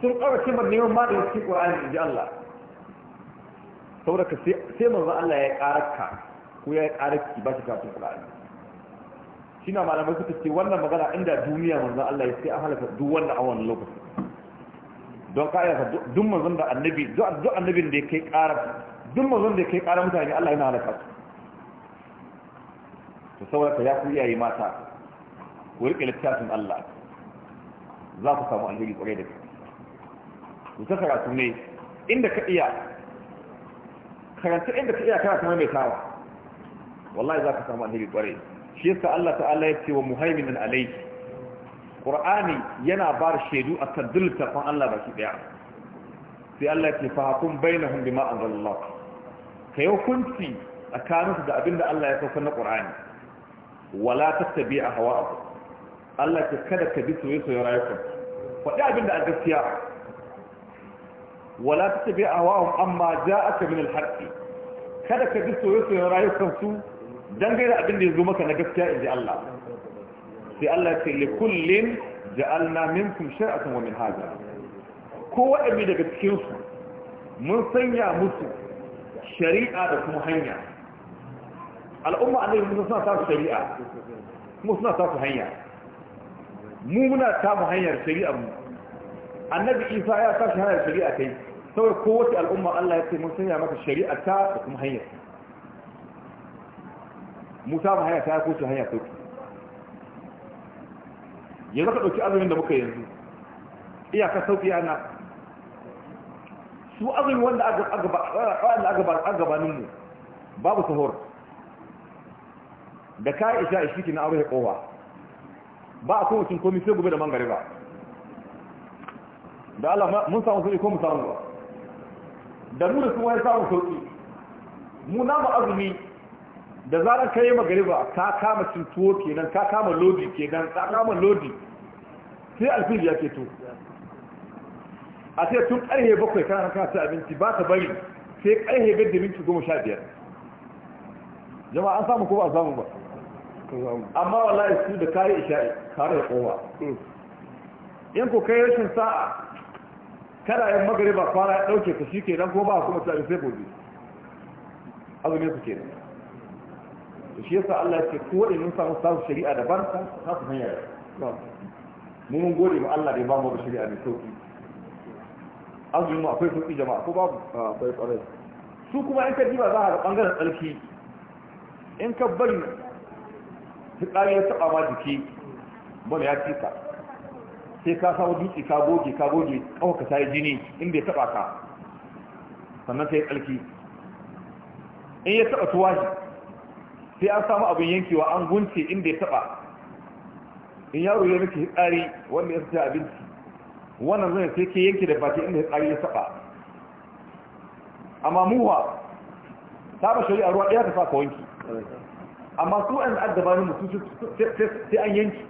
[SPEAKER 2] sun ƙaurace ma neman ma da wasu da in Allah saboda sai manzo Allah ya ƙararka ko ya ƙararki ba shi karatun ƙur'ani shi na malamai suka ce wannan magana inda duniya manzo Allah ya sai an halaka duk wanda a wannan lokacin don ka ayyaka duk manzon da annabi duk annabin da ya kai ƙara duk manzon da ya kai ƙara mutane Allah yana halaka su to saboda ya ku iyaye mata ku rike littafin Allah za ku samu alheri kwarai da kai ku ta karatu ne inda ka iya karanta inda ka iya karatu mai tawa wallahi za ka samu alheri kwarai shi yasa Allah ta'ala ya ce wa muhaiminan alayhi qur'ani yana ba bar shaidu a tadil tafan Allah baki daya sai Allah ya ce fa hakum bainahum bima anzalallah kai hukunci tsakaninsu da abinda Allah ya saukar na qur'ani wala ta tattabi a hawa abu. Allah ka kada ka bi soye-soye rayukan faɗi abin da a gaskiya wala ta tattabi a hawa abu amma za aka min alhaƙi kada ka bi soye-soye rayukan su don gaira abin da ya zo maka na gaskiya in ji Allah sai Allah ya ce li kullin ja'alna minkum shar'atan wa minhaja ko waɗanne daga cikin su mun sanya musu shari'a da kuma hanya الأمة عندك مصنع تاسو شريعة مصنع تاسو هنيا مومنا تامو هنيا شريعة النبي إيسا يا تاسو هنيا شريعة تي سوى قوة الأمة الله يبتي مصنع ماك الشريعة تاسو هنيا مصنع هنيا تاسو هنيا تاسو هنيا تاسو يذكر أكي أظم عند مكة ينزو إيا كسو في أنا سوى أظم وانا أقبى وانا أقبى أقبى نمو باب سهور da ka isa shi na aure kowa ba a kuma cin komi sai gobe da mangare ba da Allah mun samu sauki ko mu samu ba da mu da su wani samu sauki mu na ba azumi da zarar kai magariba ka kama cin tuwo kenan ka kama lodi kenan ka kama lodi sai alfil ya ke to a sai tun karhe bakwai kana kana ta abinci ba ta bari sai karhe gadda minti goma sha biyar jama'a an samu ko ba samu ba amma wallahi su da kayi isha'i da kowa in ku kai rashin sa'a kada yan magariba kwana ya dauke ka shi kenan ko ba kuma sai sai gobe azumin ku kenan to shi yasa Allah ya ce ko da mun samu samu shari'a daban ta ta hanya mu mun gode ma Allah da ya ba mu shari'a mai sauki azumin mu akwai sauki jama'a ko babu akwai tsare. su kuma in ka diba za a ga bangaren tsarki in ka bari ƙari ya taɓa ma jiki ba ya ci ka sai ka samu dutse ka goge ka goge ƙawa ka ta yi jini inda ya taɓa ka sannan sai tsarki in ya taba tuwashi sai an samu abin yankewa an gunce inda ya taɓa in yaro ya miki hitsari wanda ya fita abinci wannan zai sai ke yanke da baki inda hitsari ya taɓa amma muwa ta ba shari'a ruwa ɗaya ta sa ka wanki amma su an addaba ne mutum sai an yanki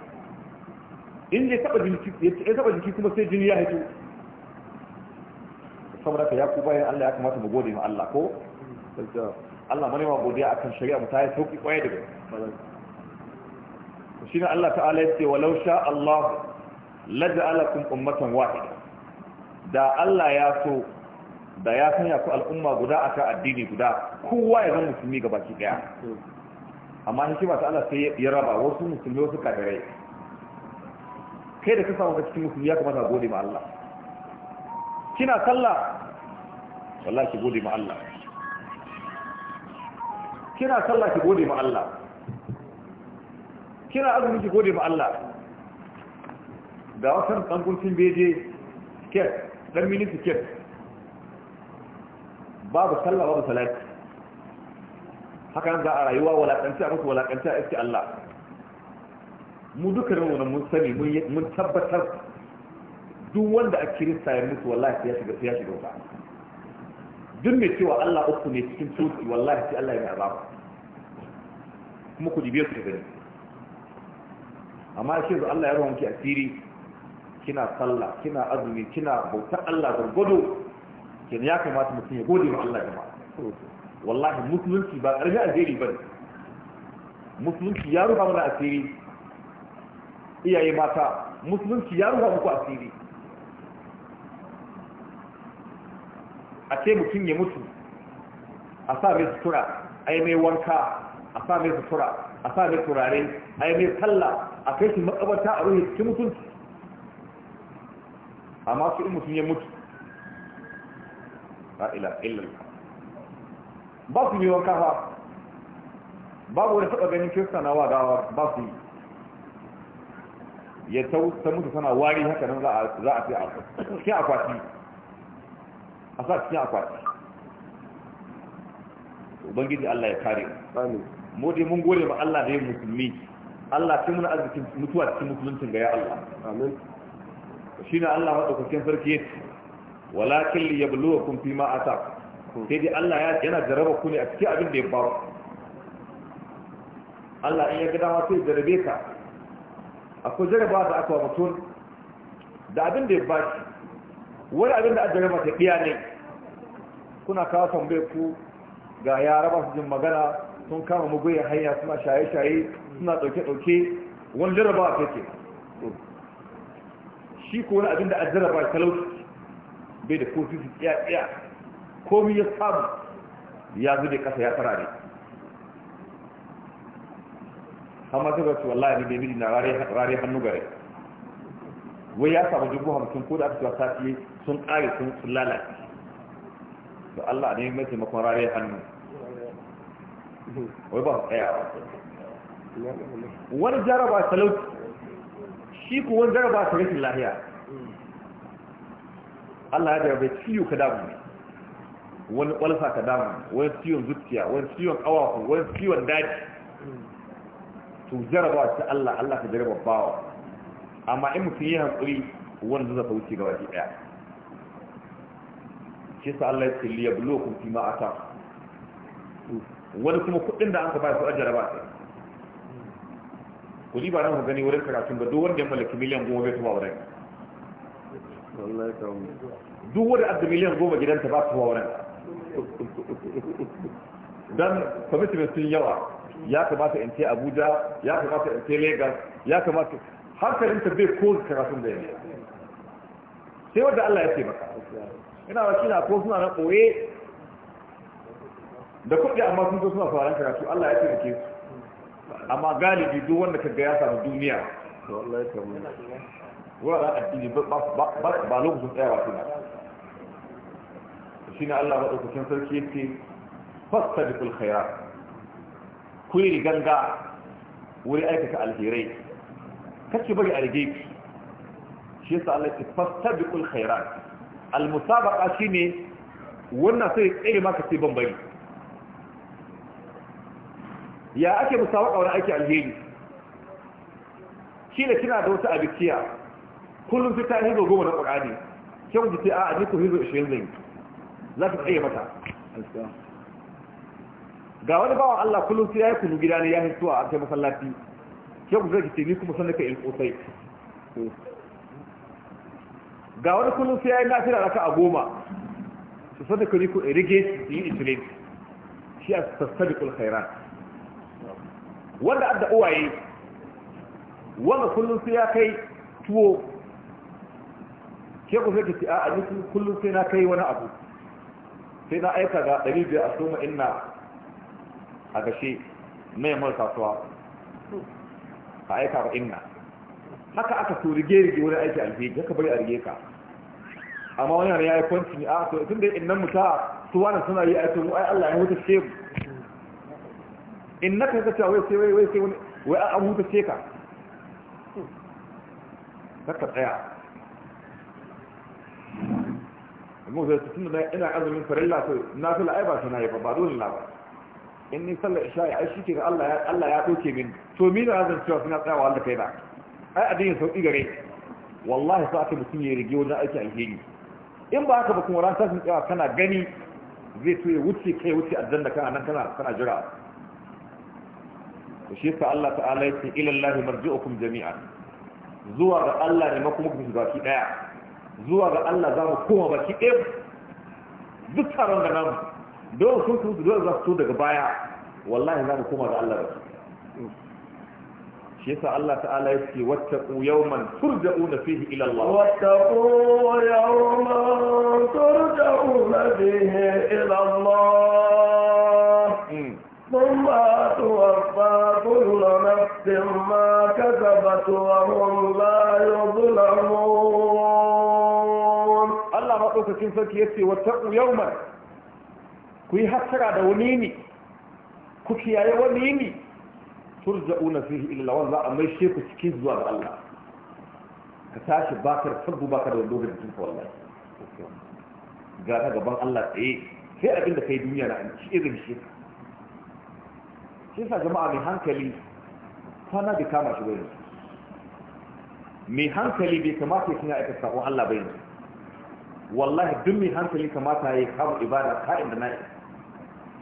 [SPEAKER 2] in ya taba jiki ya taba jiki kuma sai jini ya hito saboda ka ya ku bayan Allah ya kamata mu gode ma Allah ko Allah mane ma godiya akan shari'a mu ta yi sauki kwaya daga shi ne Allah ta'ala ya ce walau sha Allah laja'alakum ummatan wahida da Allah ya so da ya sanya ku al'umma guda aka addini guda kowa ya zama musulmi gabaki daya amma shi ta Allah sai ya raba wasu musulmi wasu kafirai kai da ka samu ka cikin musulmi ya kamata gode ma Allah kina sallah wallahi ki gode ma Allah kina sallah ki gode ma Allah kina azumi ki gode ma Allah da wasan dan beje ket dan miniti ket babu sallah babu salati haka za a rayuwa walakanci a musu walakanci a iske Allah mu duka wani mun sani mun tabbatar duk wanda a kirista ya mutu wallahi ya shiga ya shiga ba duk mai cewa Allah uku ne cikin tsoki wallahi sai Allah ya mai azaba kuma ku jibe su gani amma shi yanzu Allah ya rawa a asiri kina sallah kina azumi kina bautar Allah gurgudu kin ya kamata mutum ya gode ma Allah jama'a wallahi musulunci ba ƙarfi jeri ba musulunci ya rufa mana asiri iyaye mata musulunci ya rufa muku asiri a ce mutum ya mutu a sa mai sutura a yi mai wanka a sa mai sutura a sa mai turare a yi mai talla a kai shi makabarta a ruhe cikin mutunci amma su in mutum ya mutu la ila illallah ba su yi wanka ba babu wani taɓa ganin kirista na wagawa ba su yi ya ta mutu tana wari haka nan za a fi a cikin akwati a sa cikin akwati ubangiji Allah ya kare mu dai mun gode ba Allah da ya musulmi Allah ce muna arzikin mutuwa cikin musuluncin ga ya Allah shi na Allah madaukakin sarki ce walakin kun fi ma'ata sai dai Allah yana jaraba ku ne a cikin abin da ya ba Allah in ya ga dama sai jarabe ka akwai jaraba da aka wa mutum da abin da ya ba shi wani abin da a jaraba ta biya ne kuna kawo tambaye ku ga yara masu jin magana sun kama mugoyin hanya suna shaye-shaye suna ɗauke-ɗauke wani jaraba ta ke shi ko wani abin da an jaraba talauci bai da kofi su tsaya-tsaya komi ya samu ya zube kasa ya fara ne amma sai wasu wallahi ne bai na rare hannu gare wai ya samu dubu hamsin ko da aka cewa sati sun kare sun lalace to Allah ne mai taimakon rare hannu wai ba su tsayawa wani jaraba talauci shi kuwa jaraba ta rashin lahiya Allah ya jarabe ciwo ka damu ne wani kwalfa ka damu wani ciwon zuciya wani ciwon kawafu wani ciwon daji to jarabawa ta Allah Allah ka jaraba bawa amma in mutum yi hankuri wanda zai wuce ga waje daya shi sa Allah ya ce li yabluukum fi ma ata wani kuma kudin da aka ba su a jaraba sai ku ba nan ku gani wurin karatun ga duk wanda ya mallaki miliyan goma bai tuba wurin duk wanda adda miliyan goma gidanta ba tuba wurin dan commitment sun yawa ya kamata in ce abuja ya kamata in ce lagos ya kamata ta bai ko karatun da yanzu sai wadda allah ya ce maka ina wakila ko suna na koye da kuɗi amma sun zo suna faran karatu allah ya ce da ke su amma galibi duk wanda ka ga ya samu duniya wuraren addini ba lokacin tsayawa suna shine Allah madaukakin sarki ya ce yake fastabiqul khairat ku yi riganga wuri aikata alherai kace bari a rige ki shi yasa Allah ya fastabiqul khairat almusabaqa shine wannan sai tsere maka sai ban bari ya ake musabaqa wani aiki alheri shi ne kina da wata abikiya kullum sai ta hizo goma na ƙwarani kyan ku ce a a ni ku hizo 20 zai za ka tsaye mata ga wani bawan Allah kullum sai ya yi kunu gida ne ya hisuwa a kai masallaci ke ku zai ni kuma san da kai ilkosai ga wani kullum sai ya yi nafira raka a goma eh, su san da kai ku rige yi itilin shi a sassabiqul khairat wanda adda uwaye wanda kullum sai ya kai tuwo ke ku zai ki a ni kullum sai na kai wani abu sai na aika ga ɗari biyar a soma ina a gashe mai mara kasuwa a aika ga ina haka aka so rige-rige wani aiki alheri haka bari a rige ka amma wani yana ya yi kwanci ne a ah, so tun da inan mutu ta su wani suna yi aiki mu ai Allah ya huta ce mu in na kai kacewa wai sai wai sai wani wai an huta ce ka tsaya kuma sai tun da ina azumin farilla to na fila ai ba ta nayi ba ba dole na ba in ni sallar isha ai shi ke Allah ya Allah ya doke min to mi da zan cewa suna tsayawa Allah kai ba. ai addini sauki gare wallahi sai aka mutum ya rige wajen aiki alheri in ba haka ba kuma ran sasin tsayawa kana gani zai to ya wuce kai wuce aljanna kana nan kana kana jira to shi yasa Allah ta'ala ya ce ila Allah marji'ukum jami'an zuwa ga Allah ne makumukum baki daya zuwa ga Allah za mu koma baki ɗaya duk taron da namu don sun kuma dole za su daga baya wallahi za mu koma ga Allah baki shi yasa Allah ta'ala ya ce wattaqu yawman turja'una fihi ila Allah wattaqu yawman turja'una fihi
[SPEAKER 1] ila Allah ثم توفى كل نفس ما كسبت وهم لا يظلمون
[SPEAKER 2] madaukakin sarki yace wattaqu yawman ku yi hattara da wani ne ku kiyaye wani ne turja'una fihi illa Allah za a mai sheku cikin zuwa ga Allah ka tashi bakar sabbu baka da dogon jikin ka wallahi ga ta gaban Allah tsaye sai abin da kai duniya na ci irin shi shi sa jama'a mai hankali kwana bai kama shi bai mai hankali bai kamata ya kina aika sabon Allah bai yanzu wallahi duk mai hankali kamata ya yi kama ibada ka'in da na'i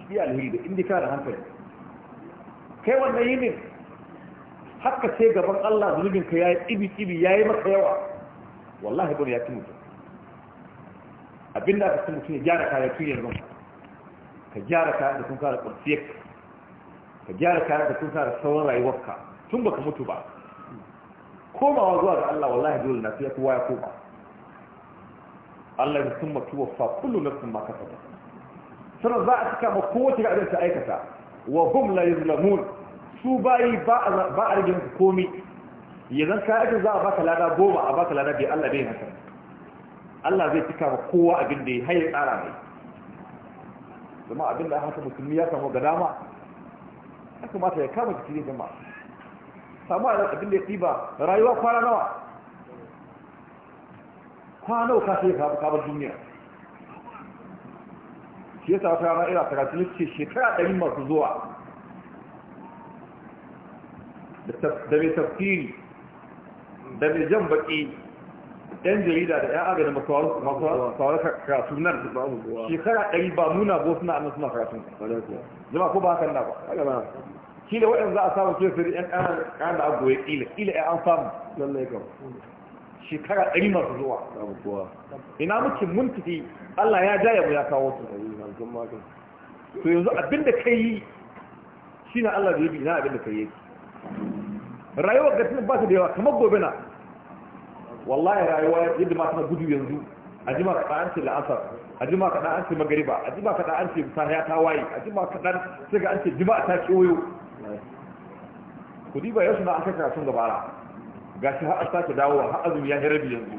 [SPEAKER 2] shi alheri da indi ka da hankali kai wannan yi ne haka ce gaban Allah zunubin ka yayi ibi ibi yayi maka yawa wallahi bane ya ci mutum abinda aka ci mutum ya gyara kayan tun yanzu ka gyara kayan da sun kara kurfiyar ka gyara kayan da sun kara sauran rayuwarka tun baka mutu ba komawa zuwa ga Allah wallahi dole na fiye kowa ya koma Allah ya summa tuwaffa kullu nafsin ma kasabat sanan za a cika ma kowace ga abin ta aikata wa hum la yuzlamun su bayi ba ba a rage muku komai yanzu ka aikata za a baka lada goma a baka lada bai Allah bai haka Allah zai cika ma kowa abin da ya haye tsara mai zama abin da haka musulmi ya samu ga dama ya kamata ya kama cikin ne jama'a samu abin da ya tsiba rayuwa kwana nawa kwanau ka sai ka kabar duniya shi yasa wata rana ina karatu ce shekara ɗari masu zuwa da mai tafsiri da mai jan baƙi ɗan jarida da ‘yan agada masu karatu nan shekara ɗari ba nuna ko suna annan suna karatu zama ko ba hakan na ba shi da waɗanda za a samu ke sirri ‘yan ƙanan da agoye ƙila ƙila ‘yan an samu lallai kawai shekara ɗari masu zuwa ina muke mun tafi Allah ya jaya mu ya kawo su to yanzu abinda ka yi shi na Allah zai bi ina abinda ka yi rayuwar gaskiya ba su da yawa kamar gobe na wallahi rayuwa yadda ma na gudu yanzu a jima kaɗa an ce la'asar a jima kaɗa an ce magariba a jima kaɗa an ce sahiya ta waye a jima kaɗa sai ga an ce jima'a ta kewayo kudi ba yau suna an kai karatun gabara ga shi har a sake dawo har azumi ya harbi yanzu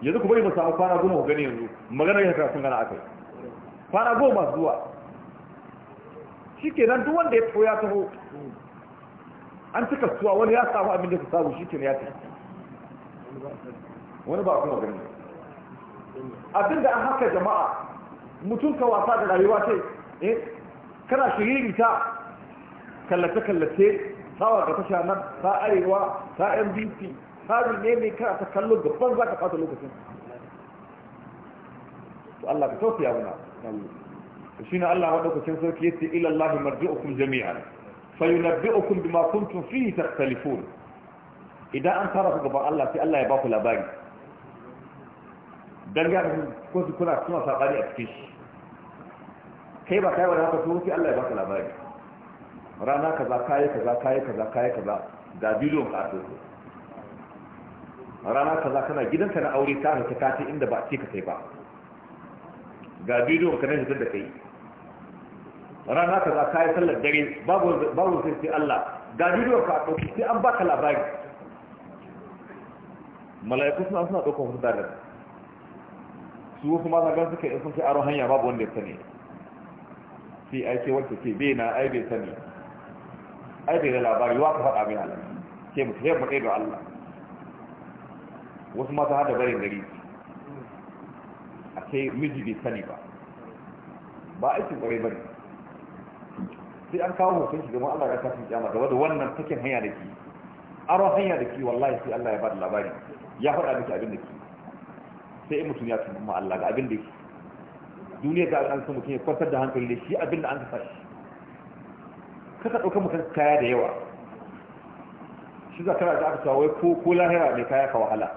[SPEAKER 2] yanzu ku bari mu samu kwana goma ku gani yanzu magana ya karatun gana akai kwana goma zuwa shi duk wanda ya taho ya taho an cika suwa wani ya samu abin da ku samu shi ya tafi wani ba kuma gani abin da an haka jama'a mutum ka wasa da rayuwa ce eh, kana shiririta kallace-kallace sawa ga tasha nan ta arewa ta mbc ta ne mai kana ta kallo gaban za ka fata lokacin to Allah ka tausaya muna to shine Allah madaukakin sarki yace ila Allah marji'ukum jami'an fayunabbi'ukum bima kuntum fihi takhtalifun idan an tara ku gaban Allah sai Allah ya ba ku labari dan ga ku kuna kuna sabani a cikin shi kai ba kai wani haka to sai Allah ya ba ku labari rana kaza kayi kaza kayi kaza kayi kaza ga biliyon ka ato rana kaza kana gidanka na aure ta haka kati inda ba ce ka kai ba ga biliyon ka na hitar da kai rana kaza kayi sallar dare babu sai sai Allah ga biliyon ka ato sai an baka labari mala'iku suna suna ɗaukar hudu dalar su wasu ma zagar suka yi sun ce aron hanya babu wanda ya sani sai aike wacce ce bai na ai bai sani ai bai da labari wa faɗa min Allah Sai mu tafi mu da Allah wasu mata hada barin gari a ce miji bai sani ba ba aiki kwarai bane sai an kawo hoton shi gaban Allah ya kafin kyama gaba da wannan takin hanya da ke aron hanya da ke wallahi sai Allah ya bada labari ya faɗa miki abin da ke sai in mutum ya ma Allah ga abin da ke duniya ga an san mutum ya kwantar da hankali da shi abin da an ka fashi. kasa ɗaukar mutum kaya da yawa shi za kana da aka cewa wai ko ko lahira mai kaya ka wahala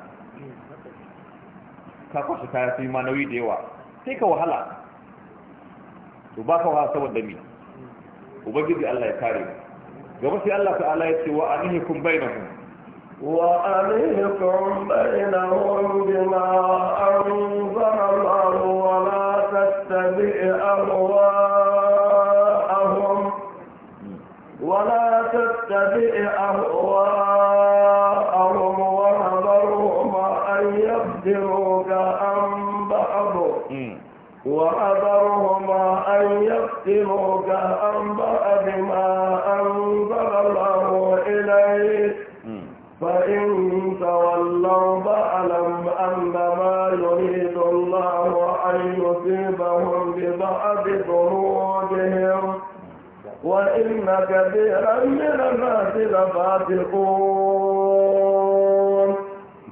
[SPEAKER 2] ka kwashe kaya su yi ma nauyi da yawa sai ka wahala to ba ka wahala saboda mi ubangiji Allah ya kare gaba sai Allah ta'ala ya ce wa bai na وأليكم بينهم
[SPEAKER 1] بما an zama اتبع أهواءهم وحذرهم أن يفتروك عن بعض وحذرهم أن يفتروك عن بعض ما أنزل كثيرا من الناس
[SPEAKER 2] لفاتقون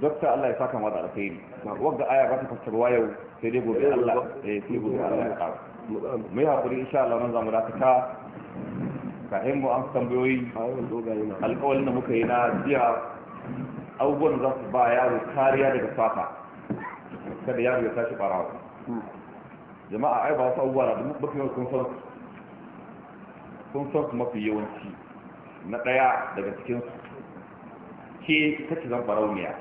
[SPEAKER 2] دكتور الله يسعدك يساك مضى الخير وقت آية غاتي فسروا يو سيريبو بي الله سيريبو إيه، بي الله يقار ميها قولي إن شاء الله نظام راتكا كهم وأن تنبيوي أيوة، نعم. القول نمكينا ديها أول ذات بايا وكاريا لغفاتا كده يارو يتاشي براو جماعة عيبا صورا بمكبكي وكنفرق sun san kuma mafi yawanci na ɗaya daga cikin su ke kake zan barauniya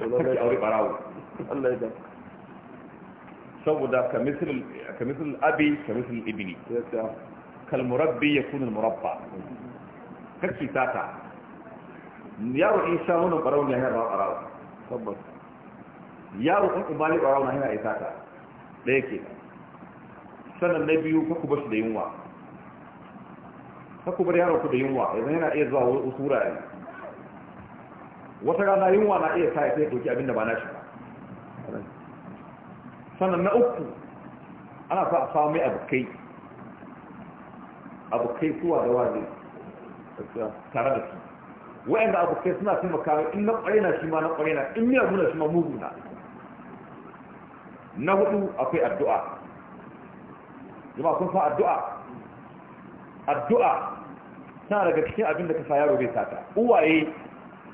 [SPEAKER 2] ne aure barawo Allah ya saboda ka abi ka misal ibni kal murabbi murabba kake tata yaro in sha wannan barauniya ya ba barawo yaro in ubali barawo na yana isata da yake sannan na biyu ka ku bashi da yunwa ku bar yaron ku da yunwa yanzu yana iya zuwa wasu wurare wata rana yunwa na iya sa ya sai doki abinda ba na ba sannan na uku ana sa a samu mai abokai abokai suwa da waje tare da su wa'anda abokai suna taimakawa in na na shi ma na na in miya guna shi ma mugu na hudu akwai addu'a jama'a kun san addu'a addu'a suna daga cikin abin da ka sa yaro bai sata uwaye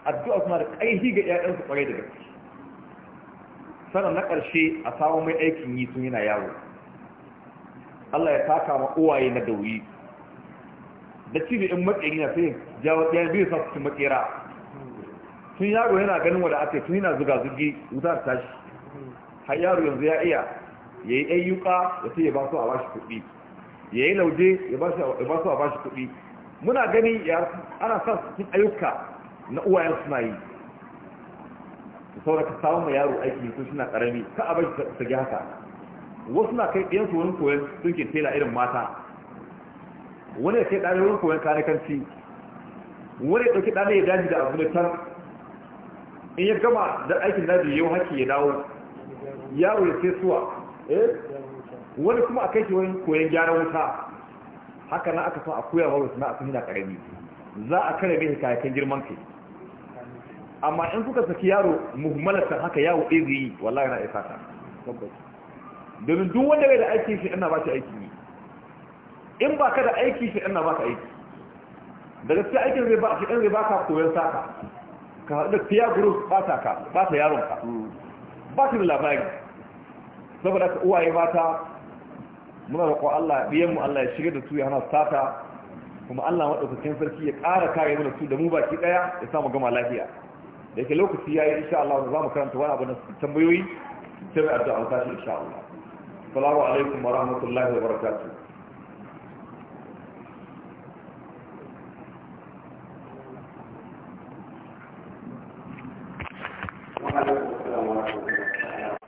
[SPEAKER 2] addu'a suna da ƙaihi ga 'ya'yansu ƙwarai da gaske sannan na ƙarshe a samu mai aikin yi tun yana yaro. Allah ya taka ma uwaye na dauyi da cibi in matsiri na sai jawo ɗaya biyu sa su makera tun yaro yana ganin wada ake tun yana zuga zugi wuta ta tashi har yaro yanzu ya iya ya yi ayyuka ya sai ya ba su a bashi kuɗi ya yi lauje ya ba su a bashi kuɗi muna gani ana sa cikin ayyuka na uwayen suna yi su sauraka samun mai yaro aiki su suna karami ka a bai su ga haka wasu na kai ɗiyansu wani koyon ke tela irin mata wani ya kai ɗane wani koyon kanikanci wani ya ɗauki ɗane ya daji da abu da can in ya gama da aikin daji yau haki ya dawo yaro ya sai suwa eh? wani kuma a kai shi wani koyon gyaran wuta haka na aka son a koya wa wasu na a sunina karami za a kare mai kayakan girman kai amma in kuka saki yaro muhimmalatan haka yawo ɗaya zai yi wallahi na isa ta domin duk wanda bai da aiki shi ina ba shi aiki ne in ba ka da aiki shi ina ba ka aiki da gaske aikin zai ba shi ɗan zai ba ka koyon saka ka haɗu da fiya guru ba ta ka ba ta yaron ka ba ta da labari saboda ka uwaye mata muna roƙon Allah biyan mu Allah ya shiga da su ya hana sata kuma Allah madaukakin sarki ya ƙara kare mana su da mu baki daya ya samu gama lafiya da yake lokaci yayi insha Allah za mu karanta wani abu na tambayoyi sai mu addu'a ta insha Allah assalamu alaikum wa rahmatullahi wa barakatuh